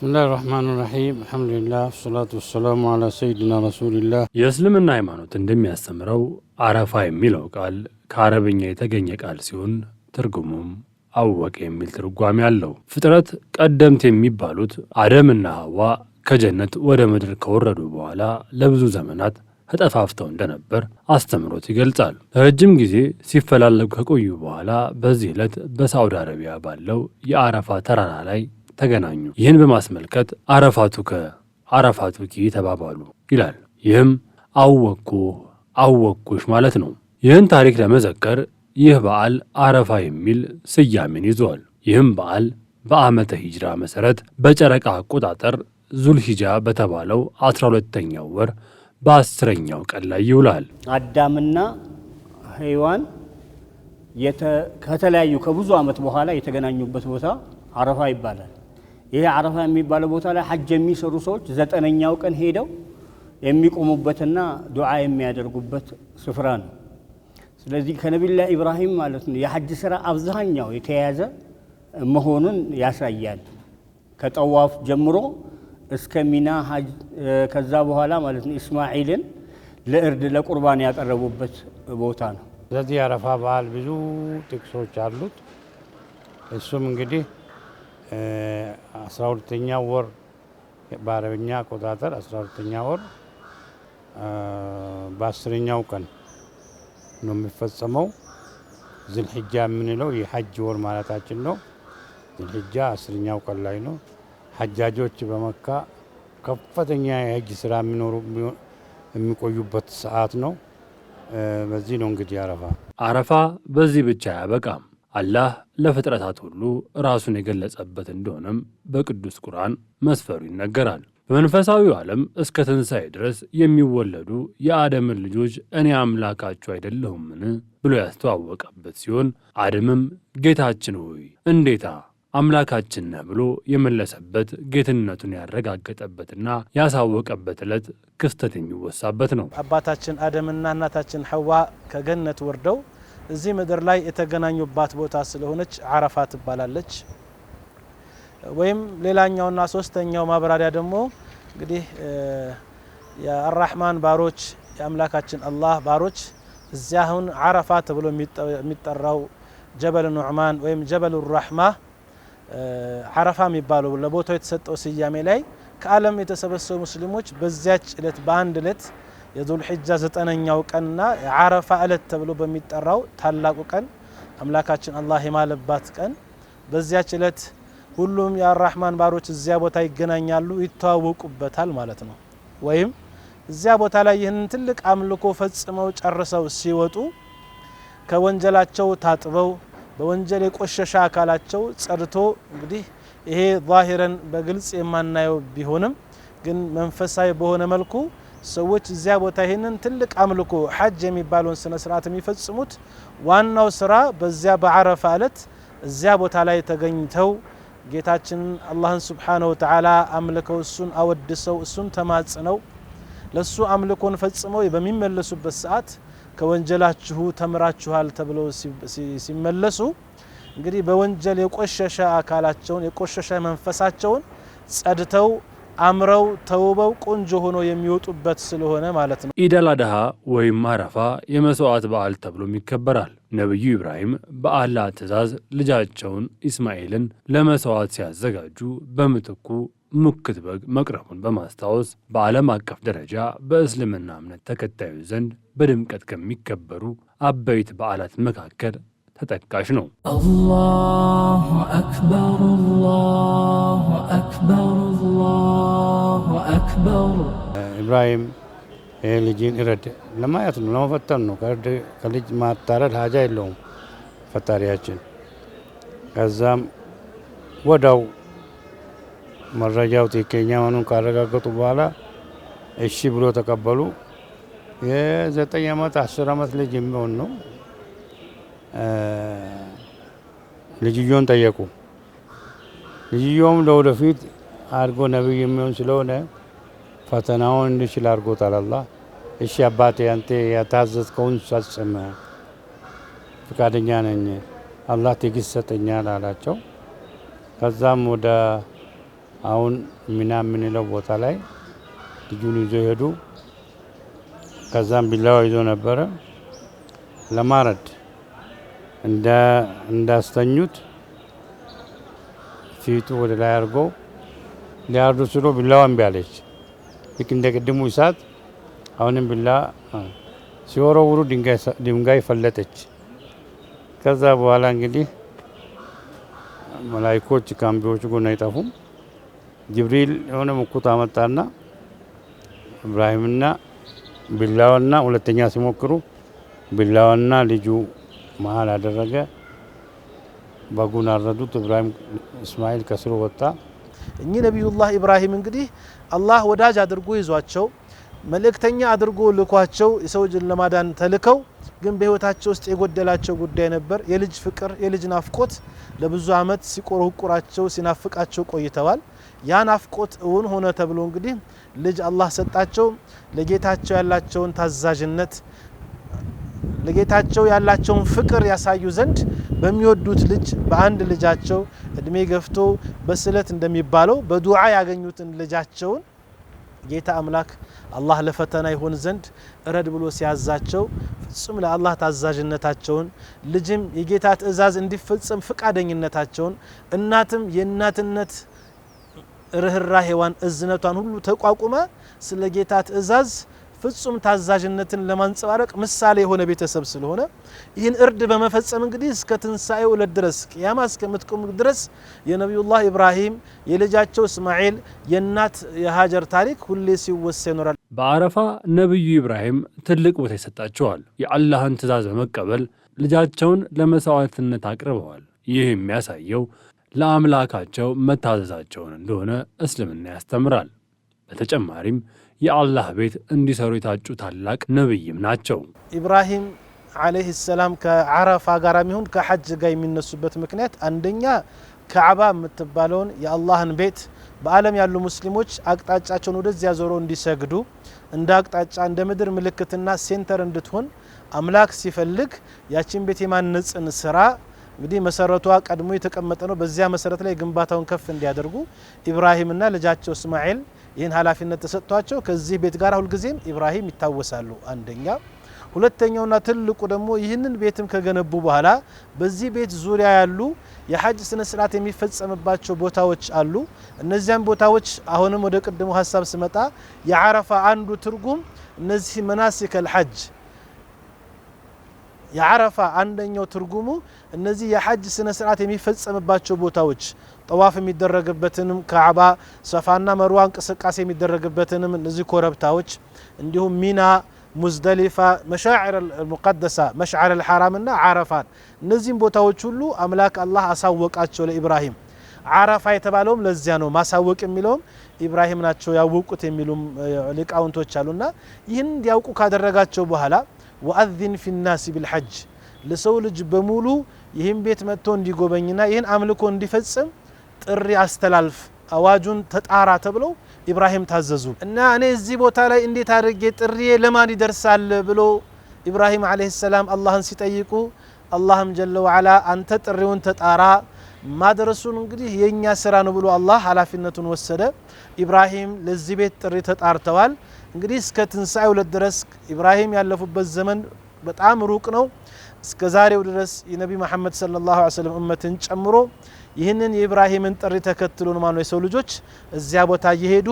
بسم الله الرحمن الرحيم الحمد لله والصلاة والسلام على سيدنا رسول الله የእስልምና ሃይማኖት እንደሚያስተምረው አረፋ የሚለው ቃል ከአረብኛ የተገኘ ቃል ሲሆን ትርጉሙም አወቀ የሚል ትርጓሜ አለው። ፍጥረት ቀደምት የሚባሉት አደምና ሐዋ ከጀነት ወደ ምድር ከወረዱ በኋላ ለብዙ ዘመናት ተጠፋፍተው እንደነበር አስተምሮት ይገልጻል። ረጅም ጊዜ ሲፈላለጉ ከቆዩ በኋላ በዚህ ዕለት በሳዑዲ አረቢያ ባለው የአረፋ ተራራ ላይ ተገናኙ። ይህን በማስመልከት አረፋቱከ አረፋቱኪ ተባባሉ ይላል። ይህም አወኩ አወኩሽ ማለት ነው። ይህን ታሪክ ለመዘከር ይህ በዓል አረፋ የሚል ስያሜን ይዟል። ይህም በዓል በዓመተ ሂጅራ መሠረት በጨረቃ አቆጣጠር ዙልሂጃ በተባለው አስራ ሁለተኛው ወር በአስረኛው ቀን ላይ ይውላል። አዳምና ሔዋን ከተለያዩ ከብዙ ዓመት በኋላ የተገናኙበት ቦታ አረፋ ይባላል። ይሄ አረፋ የሚባለው ቦታ ላይ ሐጅ የሚሰሩ ሰዎች ዘጠነኛው ቀን ሄደው የሚቆሙበትና ዱዓ የሚያደርጉበት ስፍራ ነው። ስለዚህ ከነቢላ ኢብራሂም ማለት ነው የሐጅ ስራ አብዛኛው የተያያዘ መሆኑን ያሳያል። ከጠዋፍ ጀምሮ እስከ ሚና ከዛ በኋላ ማለት ነው እስማዒልን ለእርድ ለቁርባን ያቀረቡበት ቦታ ነው። ስለዚህ የአረፋ በዓል ብዙ ጥቅሶች አሉት። እሱም እንግዲህ አስራ ሁለተኛ ወር በአረብኛ አቆጣጠር አስራ ሁለተኛ ወር በአስረኛው ቀን ነው የሚፈጸመው። ዝልሕጃ የምንለው የሐጅ ወር ማለታችን ነው። ዝልሕጃ አስረኛው ቀን ላይ ነው። ሐጃጆች በመካ ከፍተኛ የሕጅ ስራ የሚኖሩ የሚቆዩበት ሰዓት ነው። በዚህ ነው እንግዲህ አረፋ አረፋ በዚህ ብቻ አያበቃም። አላህ ለፍጥረታት ሁሉ ራሱን የገለጸበት እንደሆነም በቅዱስ ቁርአን መስፈሩ ይነገራል። በመንፈሳዊው ዓለም እስከ ትንሣኤ ድረስ የሚወለዱ የአደምን ልጆች እኔ አምላካችሁ አይደለሁምን ብሎ ያስተዋወቀበት ሲሆን አደምም ጌታችን ሆይ እንዴታ አምላካችን ነህ ብሎ የመለሰበት ጌትነቱን ያረጋገጠበትና ያሳወቀበት ዕለት ክስተት የሚወሳበት ነው። አባታችን አደምና እናታችን ሐዋ ከገነት ወርደው እዚህ ምድር ላይ የተገናኙባት ቦታ ስለሆነች አረፋ ትባላለች። ወይም ሌላኛውና ሶስተኛው ማብራሪያ ደግሞ እንግዲህ የአራህማን ባሮች የአምላካችን አላህ ባሮች እዚያ አሁን አረፋ ተብሎ የሚጠራው ጀበል ኑዕማን ወይም ጀበል ራህማ አረፋ የሚባለው ለቦታው የተሰጠው ስያሜ ላይ ከዓለም የተሰበሰቡ ሙስሊሞች በዚያች እለት በአንድ እለት የዙልሒጃ ዘጠነኛው ቀንና የአረፋ ዕለት ተብሎ በሚጠራው ታላቁ ቀን አምላካችን አላህ የማለባት ቀን በዚያች ዕለት ሁሉም የአራህማን ባሮች እዚያ ቦታ ይገናኛሉ፣ ይተዋወቁበታል ማለት ነው። ወይም እዚያ ቦታ ላይ ይህንን ትልቅ አምልኮ ፈጽመው ጨርሰው ሲወጡ ከወንጀላቸው ታጥበው በወንጀል የቆሸሸ አካላቸው ጸድቶ እንግዲህ ይሄ ዛሂረን በግልጽ የማናየው ቢሆንም ግን መንፈሳዊ በሆነ መልኩ ሰዎች እዚያ ቦታ ይህንን ትልቅ አምልኮ ሐጅ የሚባለውን ስነ ስርዓት የሚፈጽሙት ዋናው ስራ በዚያ በአረፋ እለት እዚያ ቦታ ላይ ተገኝተው ጌታችንን አላህን ስብሓነሁ ወተዓላ አምልከው እሱን አወድሰው እሱን ተማጽነው ለእሱ አምልኮን ፈጽመው በሚመለሱበት ሰዓት ከወንጀላችሁ ተምራችኋል ተብለው ሲመለሱ እንግዲህ በወንጀል የቆሸሸ አካላቸውን የቆሸሸ መንፈሳቸውን ጸድተው አምረው ተውበው ቆንጆ ሆኖ የሚወጡበት ስለሆነ ማለት ነው። ኢድ አድሃ ወይም አረፋ የመስዋዕት በዓል ተብሎም ይከበራል። ነቢዩ ኢብራሂም በአላህ ትእዛዝ ልጃቸውን ኢስማኤልን ለመስዋዕት ሲያዘጋጁ በምትኩ ሙክት በግ መቅረቡን በማስታወስ በዓለም አቀፍ ደረጃ በእስልምና እምነት ተከታዮች ዘንድ በድምቀት ከሚከበሩ አበይት በዓላት መካከል ተጠቃሽ ነው። አላሁ አክበር ኢብራሂም ልጅን እረድ ለማየት ነው፣ ለመፈተን ነው። ከልጅ ማታረድ ሀጃ የለውም ፈጣሪያችን። ከዛም ወዳው መረጃው ትክክለኛ መሆኑን ካረጋገጡ በኋላ እሺ ብሎ ተቀበሉ። የዘጠኝ ዓመት አስር ዓመት ልጅ የሚሆን ነው። ልጅዮን ጠየቁ። ልጅዮም ለወደፊት አድጎ ነቢይ የሚሆን ስለሆነ ፈተናውን እንዲችል አድርጎታል አላህ። እሺ አባቴ አንተ የታዘዝከውን ፈጽም፣ ፈቃደኛ ነኝ፣ አላህ ትዕግስት ሰጠኛል አላቸው። ከዛም ወደ አሁን ሚና የምንለው ቦታ ላይ ልጁን ይዞ ሄዱ። ከዛም ቢላዋ ይዞ ነበረ ለማረድ እንዳስተኙት ፊቱ ወደ ላይ አድርጎ ሊያርዱ ስሎ ቢላዋ እምቢ አለች። ልክ እንደ ቅድሙ እሳት አሁንም ቢላ ሲወረውሩ ድንጋይ ፈለጠች። ከዛ በኋላ እንግዲህ መላይኮች ካምቢዎች ጎን አይጠፉም። ጅብሪል የሆነ ምኩት አመጣና ኢብራሂምና ቢላዋና ሁለተኛ ሲሞክሩ ቢላዋና ልጁ መሀል አደረገ። በጉን አረዱት። ኢብራሂም እስማኤል ከስሩ ወጣ። እኚህ ነቢዩላህ ኢብራሂም እንግዲህ አላህ ወዳጅ አድርጎ ይዟቸው መልእክተኛ አድርጎ ልኳቸው የሰውጅን ለማዳን ተልከው ግን በህይወታቸው ውስጥ የጎደላቸው ጉዳይ ነበር። የልጅ ፍቅር፣ የልጅ ናፍቆት ለብዙ አመት ሲቆረቁራቸው ሲናፍቃቸው ቆይተዋል። ያ ናፍቆት እውን ሆነ ተብሎ እንግዲህ ልጅ አላህ ሰጣቸው። ለጌታቸው ያላቸውን ታዛዥነት ለጌታቸው ያላቸውን ፍቅር ያሳዩ ዘንድ በሚወዱት ልጅ በአንድ ልጃቸው እድሜ ገፍቶ በስለት እንደሚባለው በዱዓ ያገኙትን ልጃቸውን ጌታ አምላክ አላህ ለፈተና ይሆን ዘንድ እረድ ብሎ ሲያዛቸው ፍጹም ለአላህ ታዛዥነታቸውን ልጅም የጌታ ትእዛዝ እንዲፈጸም ፍቃደኝነታቸውን እናትም የእናትነት ርኅራሄዋን እዝነቷን ሁሉ ተቋቁመ ስለ ጌታ ትእዛዝ ፍጹም ታዛዥነትን ለማንጸባረቅ ምሳሌ የሆነ ቤተሰብ ስለሆነ ይህን እርድ በመፈጸም እንግዲህ እስከ ትንሣኤው ዕለት ድረስ ቅያማ እስከምትቆም ድረስ የነቢዩላህ ኢብራሂም የልጃቸው እስማኤል የእናት የሀጀር ታሪክ ሁሌ ሲወሳ ይኖራል። በአረፋ ነቢዩ ኢብራሂም ትልቅ ቦታ ይሰጣቸዋል። የአላህን ትእዛዝ በመቀበል ልጃቸውን ለመሥዋዕትነት አቅርበዋል። ይህ የሚያሳየው ለአምላካቸው መታዘዛቸውን እንደሆነ እስልምና ያስተምራል። በተጨማሪም የአላህ ቤት እንዲሰሩ የታጩ ታላቅ ነብይም ናቸው። ኢብራሂም ዓለይህ ሰላም ከዓረፋ ጋር የሚሆን ከሐጅ ጋር የሚነሱበት ምክንያት አንደኛ ካዕባ የምትባለውን የአላህን ቤት በዓለም ያሉ ሙስሊሞች አቅጣጫቸውን ወደዚያ ዞሮ እንዲሰግዱ እንደ አቅጣጫ እንደ ምድር ምልክትና ሴንተር እንድትሆን አምላክ ሲፈልግ ያችን ቤት የማነጽን ስራ እንግዲህ መሰረቷ ቀድሞ የተቀመጠ ነው። በዚያ መሰረት ላይ ግንባታውን ከፍ እንዲያደርጉ ኢብራሂምና ልጃቸው እስማኤል ይህን ኃላፊነት ተሰጥቷቸው ከዚህ ቤት ጋር ሁልጊዜም ኢብራሂም ይታወሳሉ። አንደኛ ሁለተኛውና ትልቁ ደግሞ ይህንን ቤትም ከገነቡ በኋላ በዚህ ቤት ዙሪያ ያሉ የሐጅ ስነ ስርዓት የሚፈጸምባቸው ቦታዎች አሉ። እነዚያም ቦታዎች አሁንም ወደ ቅድሙ ሀሳብ ስመጣ የአረፋ አንዱ ትርጉም እነዚህ መናሲከል ሐጅ የአረፋ አንደኛው ትርጉሙ እነዚህ የሐጅ ስነ ስርዓት የሚፈጸምባቸው ቦታዎች ጠዋፍ የሚደረግበትንም ካዕባ፣ ሰፋና መርዋ እንቅስቃሴ የሚደረግበትንም እነዚህ ኮረብታዎች እንዲሁም ሚና፣ ሙዝደሊፋ፣ መሻዕር ሙቀደሳ፣ መሽዓር ልሐራምና ዓረፋን እነዚህም ቦታዎች ሁሉ አምላክ አላህ አሳወቃቸው ለኢብራሂም። አረፋ የተባለውም ለዚያ ነው። ማሳወቅ የሚለውም ኢብራሂም ናቸው ያወቁት የሚሉም ሊቃውንቶች አሉና ይህን እንዲያውቁ ካደረጋቸው በኋላ ወአዚን ፊናሲ ቢልሐጅ ለሰው ልጅ በሙሉ ይህን ቤት መጥቶ እንዲጎበኝና ይህን አምልኮ እንዲፈጽም ጥሪ አስተላልፍ፣ አዋጁን ተጣራ ተብለው ኢብራሂም ታዘዙ እና እኔ እዚህ ቦታ ላይ እንዴት አድርጌ ጥሪዬ ለማን ይደርሳል ብሎ ኢብራሂም ዓለይሂ ሰላም አላህን ሲጠይቁ አላህም ጀለ ወዓላ አንተ ጥሪውን ተጣራ ማድረሱን እንግዲህ የእኛ ስራ ነው ብሎ አላህ ኃላፊነቱን ወሰደ። ኢብራሂም ለዚህ ቤት ጥሪ ተጣርተዋል። እንግዲህ እስከ ትንሣኤ ሁለት ድረስ ኢብራሂም ያለፉበት ዘመን በጣም ሩቅ ነው። እስከ ዛሬው ድረስ የነቢ መሐመድ ሰለላሁ ዐለይሂ ወሰለም እመትን ጨምሮ ይህንን የኢብራሂምን ጥሪ ተከትሎ ነው የሰው ልጆች እዚያ ቦታ እየሄዱ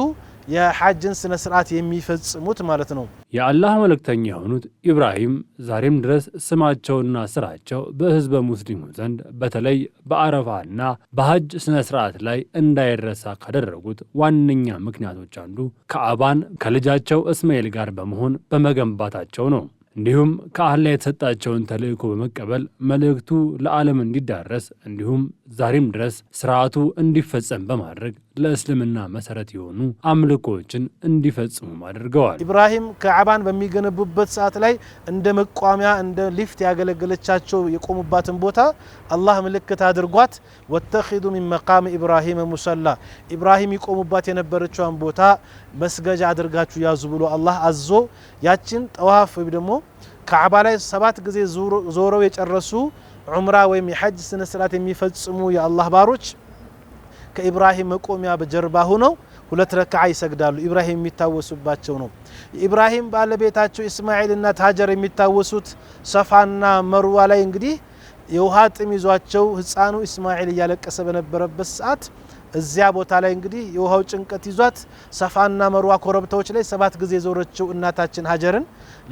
የሐጅን ስነ ስርዓት የሚፈጽሙት ማለት ነው። የአላህ መልእክተኛ የሆኑት ኢብራሂም ዛሬም ድረስ ስማቸውና ስራቸው በህዝበ ሙስሊሙ ዘንድ በተለይ በአረፋና በሐጅ ስነ ስርዓት ላይ እንዳይረሳ ካደረጉት ዋነኛ ምክንያቶች አንዱ ከአባን ከልጃቸው እስማኤል ጋር በመሆን በመገንባታቸው ነው። እንዲሁም ከአላህ የተሰጣቸውን ተልእኮ በመቀበል መልእክቱ ለዓለም እንዲዳረስ እንዲሁም ዛሬም ድረስ ስርዓቱ እንዲፈጸም በማድረግ ለእስልምና መሰረት የሆኑ አምልኮዎችን እንዲፈጽሙም አድርገዋል። ኢብራሂም ከዓባን በሚገነቡበት ሰዓት ላይ እንደ መቋሚያ እንደ ሊፍት ያገለገለቻቸው የቆሙባትን ቦታ አላህ ምልክት አድርጓት ወተኪዱ ሚን መቃም ኢብራሂም ሙሰላ ኢብራሂም ይቆሙባት የነበረችዋን ቦታ መስገጃ አድርጋችሁ ያዙ ብሎ አላህ አዞ ያችን ጠዋፍ ወይም ደግሞ ከዓባ ላይ ሰባት ጊዜ ዞረው የጨረሱ ዑምራ ወይም የሐጅ ስነስርዓት የሚፈጽሙ የአላህ ባሮች ከኢብራሂም መቆሚያ በጀርባ ሆነው ሁለት ረክዓ ይሰግዳሉ። ኢብራሂም የሚታወሱባቸው ነው። የኢብራሂም ባለቤታቸው እስማኤል እናት ሀጀር የሚታወሱት ሰፋና መርዋ ላይ እንግዲህ የውሃ ጥም ይዟቸው ህፃኑ እስማኤል እያለቀሰ በነበረበት ሰዓት እዚያ ቦታ ላይ እንግዲህ የውሃው ጭንቀት ይዟት ሰፋና መርዋ ኮረብታዎች ላይ ሰባት ጊዜ የዞረችው እናታችን ሀጀርን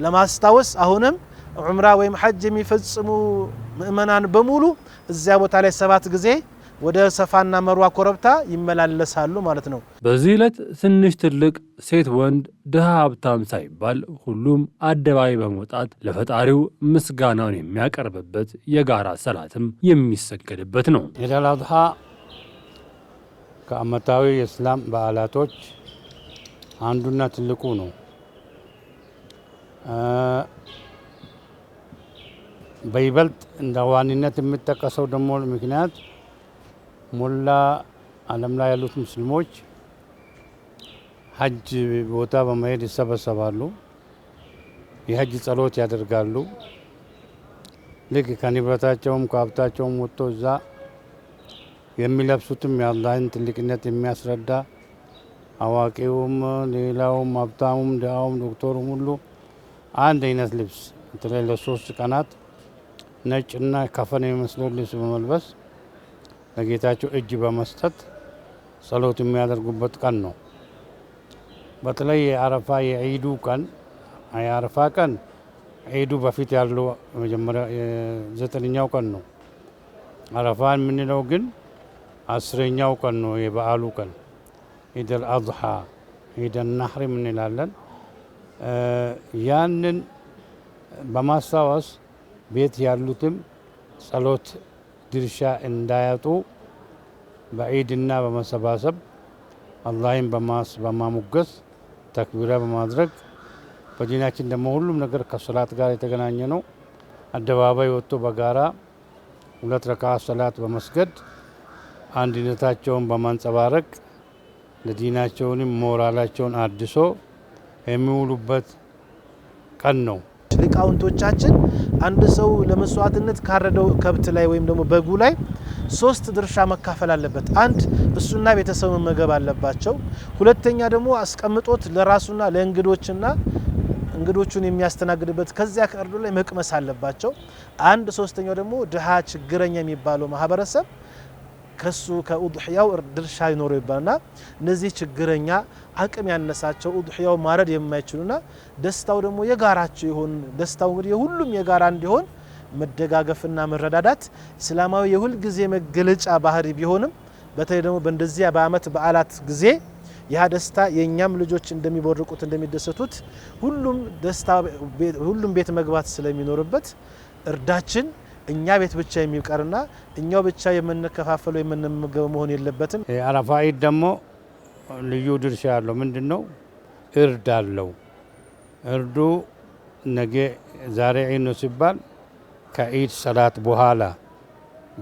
ለማስታወስ አሁንም ዑምራ ወይም ሐጅ የሚፈጽሙ ምእመናን በሙሉ እዚያ ቦታ ላይ ሰባት ጊዜ ወደ ሰፋና መርዋ ኮረብታ ይመላለሳሉ ማለት ነው። በዚህ ዕለት ትንሽ ትልቅ፣ ሴት ወንድ፣ ድሃ ሀብታም ሳይባል ሁሉም አደባባይ በመውጣት ለፈጣሪው ምስጋናውን የሚያቀርብበት የጋራ ሰላትም የሚሰገድበት ነው። ኢድ አል አድሃ ከዓመታዊ የእስላም በዓላቶች አንዱና ትልቁ ነው። በይበልጥ እንደ ዋኒነት የሚጠቀሰው ደግሞ ምክንያት ሞላ ዓለም ላይ ያሉት ሙስሊሞች ሀጅ ቦታ በመሄድ ይሰበሰባሉ፣ የሀጅ ጸሎት ያደርጋሉ። ልክ ከንብረታቸውም ከሀብታቸውም ወጥቶ እዛ የሚለብሱትም የአላህን ትልቅነት የሚያስረዳ አዋቂውም፣ ሌላውም፣ ሀብታሙም፣ ድሃውም፣ ዶክተሩም ሁሉ አንድ አይነት ልብስ በተለይ ለሶስት ቀናት ነጭና ከፈን የሚመስለው ልብስ በመልበስ ለጌታቸው እጅ በመስጠት ጸሎት የሚያደርጉበት ቀን ነው። በተለይ የአረፋ የዒዱ ቀን የአረፋ ቀን ዒዱ በፊት ያለው መጀመሪያ ዘጠነኛው ቀን ነው። አረፋን የምንለው ግን አስረኛው ቀን ነው። የበዓሉ ቀን ኢደል አድሓ ኢደል ናሕር የምንላለን። ያንን በማስታወስ ቤት ያሉትም ጸሎት ድርሻ እንዳያጡ በዒድና በመሰባሰብ አላህን በማሙገስ ተክቢራ በማድረግ በዲናችን ደግሞ ሁሉም ነገር ከሰላት ጋር የተገናኘ ነው። አደባባይ ወጥቶ በጋራ ሁለት ረካ ሰላት በመስገድ አንድነታቸውን በማንጸባረቅ ለዲናቸውንም ሞራላቸውን አድሶ የሚውሉበት ቀን ነው። ሊቃውንቶቻችን አንድ ሰው ለመስዋዕትነት ካረደው ከብት ላይ ወይም ደግሞ በጉ ላይ ሶስት ድርሻ መካፈል አለበት። አንድ እሱና ቤተሰቡ መመገብ አለባቸው። ሁለተኛ ደግሞ አስቀምጦት ለራሱና ለእንግዶችና እንግዶቹን የሚያስተናግድበት ከዚያ ከእርዱ ላይ መቅመስ አለባቸው። አንድ ሶስተኛው ደግሞ ድሃ ችግረኛ የሚባለው ማህበረሰብ ከሱ ከኡድሕያው ድርሻ ይኖረው ይባልና እነዚህ ችግረኛ አቅም ያነሳቸው ኡድሕያው ማረድ የማይችሉና ደስታው ደግሞ የጋራቸው ይሆን ደስታው እንግዲህ የሁሉም የጋራ እንዲሆን መደጋገፍና መረዳዳት እስላማዊ የሁልጊዜ መገለጫ ባህሪ ቢሆንም በተለይ ደግሞ በእንደዚያ በአመት በዓላት ጊዜ ያ ደስታ የእኛም ልጆች እንደሚቦርቁት እንደሚደሰቱት ሁሉም ደስታ ሁሉም ቤት መግባት ስለሚኖርበት እርዳችን እኛ ቤት ብቻ የሚቀርና እኛው ብቻ የምንከፋፈለው የምንመገበው መሆን የለበትም። አረፋ ዒድ ደግሞ ልዩ ድርሻ ያለው ምንድን ነው? እርድ አለው። እርዱ ነገ ዛሬ ዒድ ነው ሲባል ከኢድ ሰላት በኋላ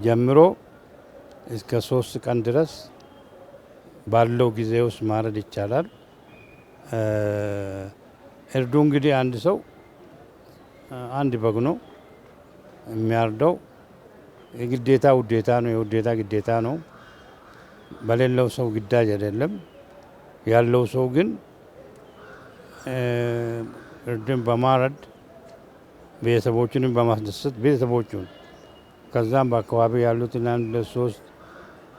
ጀምሮ እስከ ሶስት ቀን ድረስ ባለው ጊዜ ውስጥ ማረድ ይቻላል። እርዱ እንግዲህ አንድ ሰው አንድ በግ ነው የሚያርደው የግዴታ ውዴታ ነው። የውዴታ ግዴታ ነው። በሌለው ሰው ግዳጅ አይደለም። ያለው ሰው ግን እርድን በማረድ ቤተሰቦችንም በማስደሰት ቤተሰቦቹን ከዛም በአካባቢ ያሉትን አንድ ሶስት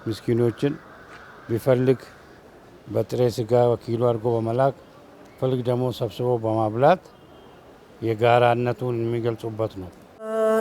ምስኪኖችን ቢፈልግ በጥሬ ስጋ በኪሎ አድርጎ በመላክ ፈልግ ደግሞ ሰብስቦ በማብላት የጋራነቱን የሚገልጹበት ነው።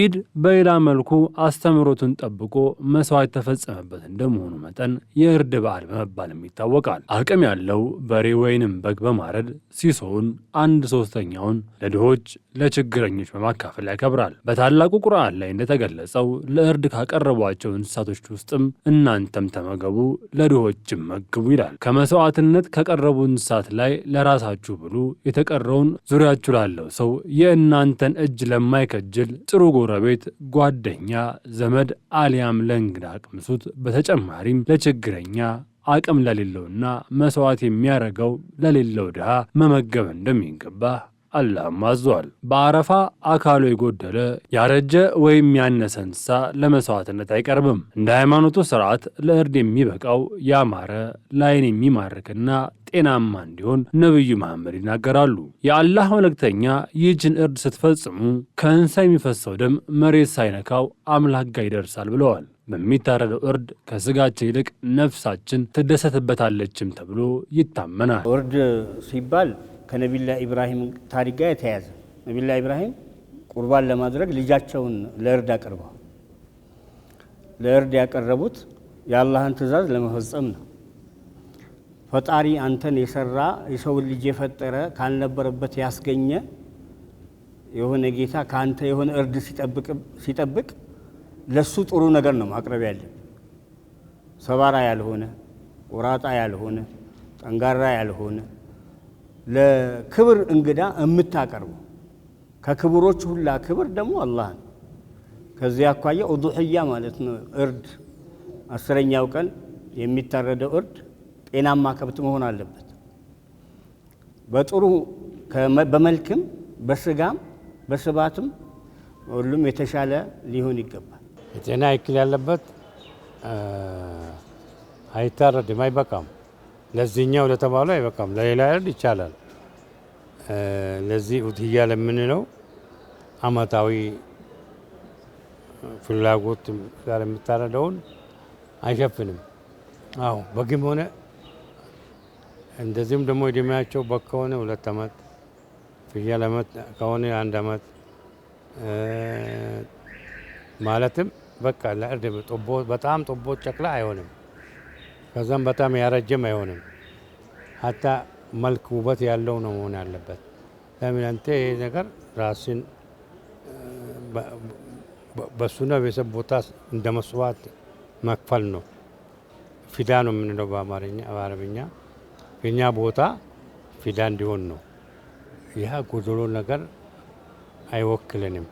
ኢድ በሌላ መልኩ አስተምህሮቱን ጠብቆ መስዋዕት የተፈጸመበት እንደመሆኑ መጠን የእርድ በዓል በመባልም ይታወቃል። አቅም ያለው በሬ ወይንም በግ በማረድ ሲሶውን አንድ ሶስተኛውን ለድሆች፣ ለችግረኞች በማካፈል ያከብራል። በታላቁ ቁርአን ላይ እንደተገለጸው ለእርድ ካቀረቧቸው እንስሳቶች ውስጥም እናንተም ተመገቡ፣ ለድሆችም መግቡ ይላል። ከመስዋዕትነት ከቀረቡ እንስሳት ላይ ለራሳችሁ ብሉ፣ የተቀረውን ዙሪያችሁ ላለው ሰው የእናንተን እጅ ለማይከጅል ጥሩ ጎ ጎረቤት፣ ጓደኛ፣ ዘመድ አሊያም ለእንግዳ አቅምሱት በተጨማሪም ለችግረኛ አቅም ለሌለውና መሥዋዕት የሚያደርገው ለሌለው ድሃ መመገብ እንደሚገባ አላህም አዟል። በአረፋ አካሉ የጎደለ ያረጀ ወይም ያነሰ እንስሳ ለመስዋዕትነት አይቀርብም። እንደ ሃይማኖቱ ስርዓት ለእርድ የሚበቃው ያማረ ለአይን የሚማርክና ጤናማ እንዲሆን ነቢዩ መሐመድ ይናገራሉ። የአላህ መልእክተኛ ይህችን እርድ ስትፈጽሙ ከእንስሳ የሚፈሰው ደም መሬት ሳይነካው አምላክ ጋር ይደርሳል ብለዋል። በሚታረደው እርድ ከስጋችን ይልቅ ነፍሳችን ትደሰትበታለችም ተብሎ ይታመናል። እርድ ሲባል ከነቢላ ኢብራሂም ታሪክ ጋር የተያያዘ ነቢላ ኢብራሂም ቁርባን ለማድረግ ልጃቸውን ለእርድ አቀርበው። ለእርድ ያቀረቡት የአላህን ትእዛዝ ለመፈጸም ነው። ፈጣሪ አንተን የሰራ የሰውን ልጅ የፈጠረ ካልነበረበት ያስገኘ የሆነ ጌታ ከአንተ የሆነ እርድ ሲጠብቅ ለሱ ጥሩ ነገር ነው ማቅረብ ያለን። ሰባራ ያልሆነ፣ ቆራጣ ያልሆነ፣ ጠንጋራ ያልሆነ ለክብር እንግዳ የምታቀርበው ከክብሮች ሁላ ክብር ደግሞ አላህ ነው። ከዚህ አኳያ ኡዱሕያ ማለት ነው እርድ አስረኛው ቀን የሚታረደው እርድ ጤናማ ከብት መሆን አለበት። በጥሩ በመልክም በስጋም በስባትም ሁሉም የተሻለ ሊሆን ይገባል። የጤና እክል ያለበት አይታረድም፣ አይበቃም። ለዚህኛው ለተባለ አይበቃም፣ ለሌላ ያርድ ይቻላል። ለዚህ ውትያ ለምንለው አመታዊ ፍላጎት ጋር የምታረደውን አይሸፍንም። አዎ በግም ሆነ እንደዚሁም ደግሞ እድሜያቸው በግ ከሆነ ሁለት አመት፣ ፍየል አመት ከሆነ አንድ አመት ማለትም በቃ ለእርድ በጣም ጦቦት ጨቅላ አይሆንም። ከዛም በጣም ያረጀም አይሆንም። ሀታ መልክ ውበት ያለው ነው መሆን ያለበት። ለምን አንተ ይሄ ነገር ራስን በሱና ቤተሰብ ቦታ እንደ መስዋዕት መክፈል ነው። ፊዳ ነው የምንለው በአረብኛ። የኛ ቦታ ፊዳ እንዲሆን ነው። ይህ ጎደሎ ነገር አይወክልንም።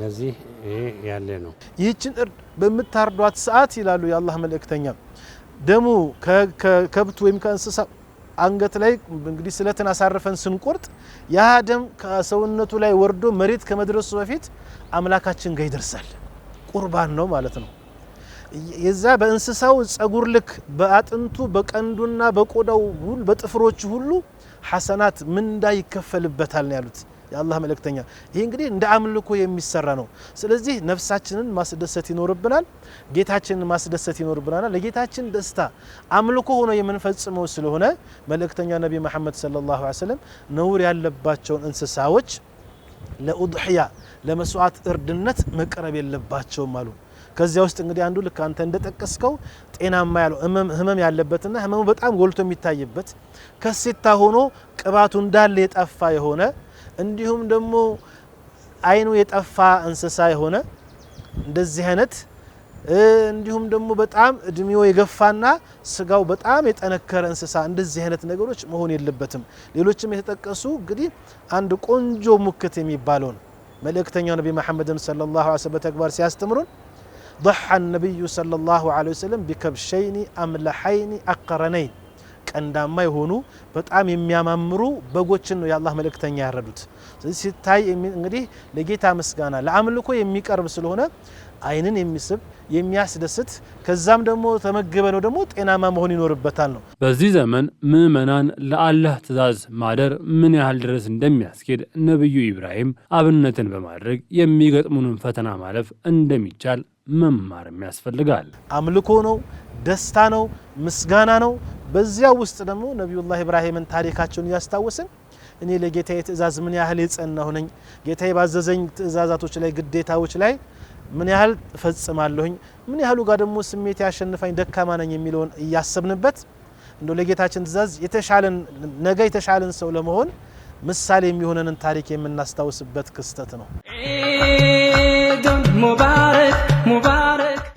ለዚህ ይሄ ያለ ነው። ይህችን እርድ በምታርዷት ሰዓት ይላሉ የአላህ መልእክተኛ ደሙ ከከብት ወይም ከእንስሳ አንገት ላይ እንግዲህ ስለትን አሳርፈን ስንቆርጥ ያ ደም ከሰውነቱ ላይ ወርዶ መሬት ከመድረሱ በፊት አምላካችን ጋር ይደርሳል። ቁርባን ነው ማለት ነው። የዛ በእንስሳው ጸጉር ልክ በአጥንቱ በቀንዱና በቆዳው በጥፍሮቹ ሁሉ ሐሰናት ምንዳ ይከፈልበታል ነው ያሉት። የአላህ መልእክተኛ። ይህ እንግዲህ እንደ አምልኮ የሚሰራ ነው። ስለዚህ ነፍሳችንን ማስደሰት ይኖርብናል፣ ጌታችንን ማስደሰት ይኖርብናል። ለጌታችን ደስታ አምልኮ ሆኖ የምንፈጽመው ስለሆነ መልእክተኛ ነቢ መሐመድ ሰለላሁ ዐለይሂ ወሰለም ነውር ያለባቸውን እንስሳዎች ለኡድሕያ ለመስዋዕት እርድነት መቅረብ የለባቸውም አሉ። ከዚያ ውስጥ እንግዲህ አንዱ ልክ አንተ እንደጠቀስከው ጤናማ ያለው ህመም ያለበትና ህመሙ በጣም ጎልቶ የሚታይበት ከሴታ ሆኖ ቅባቱ እንዳለ የጠፋ የሆነ እንዲሁም ደግሞ አይኑ የጠፋ እንስሳ የሆነ እንደዚህ አይነት እንዲሁም ደግሞ በጣም እድሜው የገፋና ስጋው በጣም የጠነከረ እንስሳ እንደዚህ አይነት ነገሮች መሆን የለበትም። ሌሎችም የተጠቀሱ እንግዲህ አንድ ቆንጆ ሙክት የሚባለውን መልእክተኛው ነቢ መሐመድም ሰለላሁ ዐለይሂ ወሰለም በተግባር ሲያስተምሩን ضحى النبي صلى الله عليه وسلم بكبشين أملحين أقرنين ቀንዳማ የሆኑ በጣም የሚያማምሩ በጎችን ነው የአላህ መልእክተኛ ያረዱት። ስለዚህ ሲታይ እንግዲህ ለጌታ ምስጋና ለአምልኮ የሚቀርብ ስለሆነ አይንን የሚስብ የሚያስደስት ከዛም ደግሞ ተመግበ ነው ደግሞ ጤናማ መሆን ይኖርበታል ነው። በዚህ ዘመን ምዕመናን ለአላህ ትእዛዝ ማደር ምን ያህል ድረስ እንደሚያስኬድ ነቢዩ ኢብራሂም አብነትን በማድረግ የሚገጥሙንን ፈተና ማለፍ እንደሚቻል መማርም ያስፈልጋል። አምልኮ ነው፣ ደስታ ነው፣ ምስጋና ነው። በዚያ ውስጥ ደግሞ ነቢዩላህ ኢብራሂምን ታሪካቸውን እያስታወስን እኔ ለጌታዬ ትእዛዝ ምን ያህል የጸናሁ ነኝ፣ ጌታዬ ባዘዘኝ ትእዛዛቶች ላይ ግዴታዎች ላይ ምን ያህል ፈጽማለሁኝ፣ ምን ያህሉ ጋር ደግሞ ስሜት ያሸንፋኝ ደካማ ነኝ የሚለውን እያሰብንበት እንደ ለጌታችን ትእዛዝ የተሻለን ነገ የተሻለን ሰው ለመሆን ምሳሌ የሚሆነንን ታሪክ የምናስታውስበት ክስተት ነው።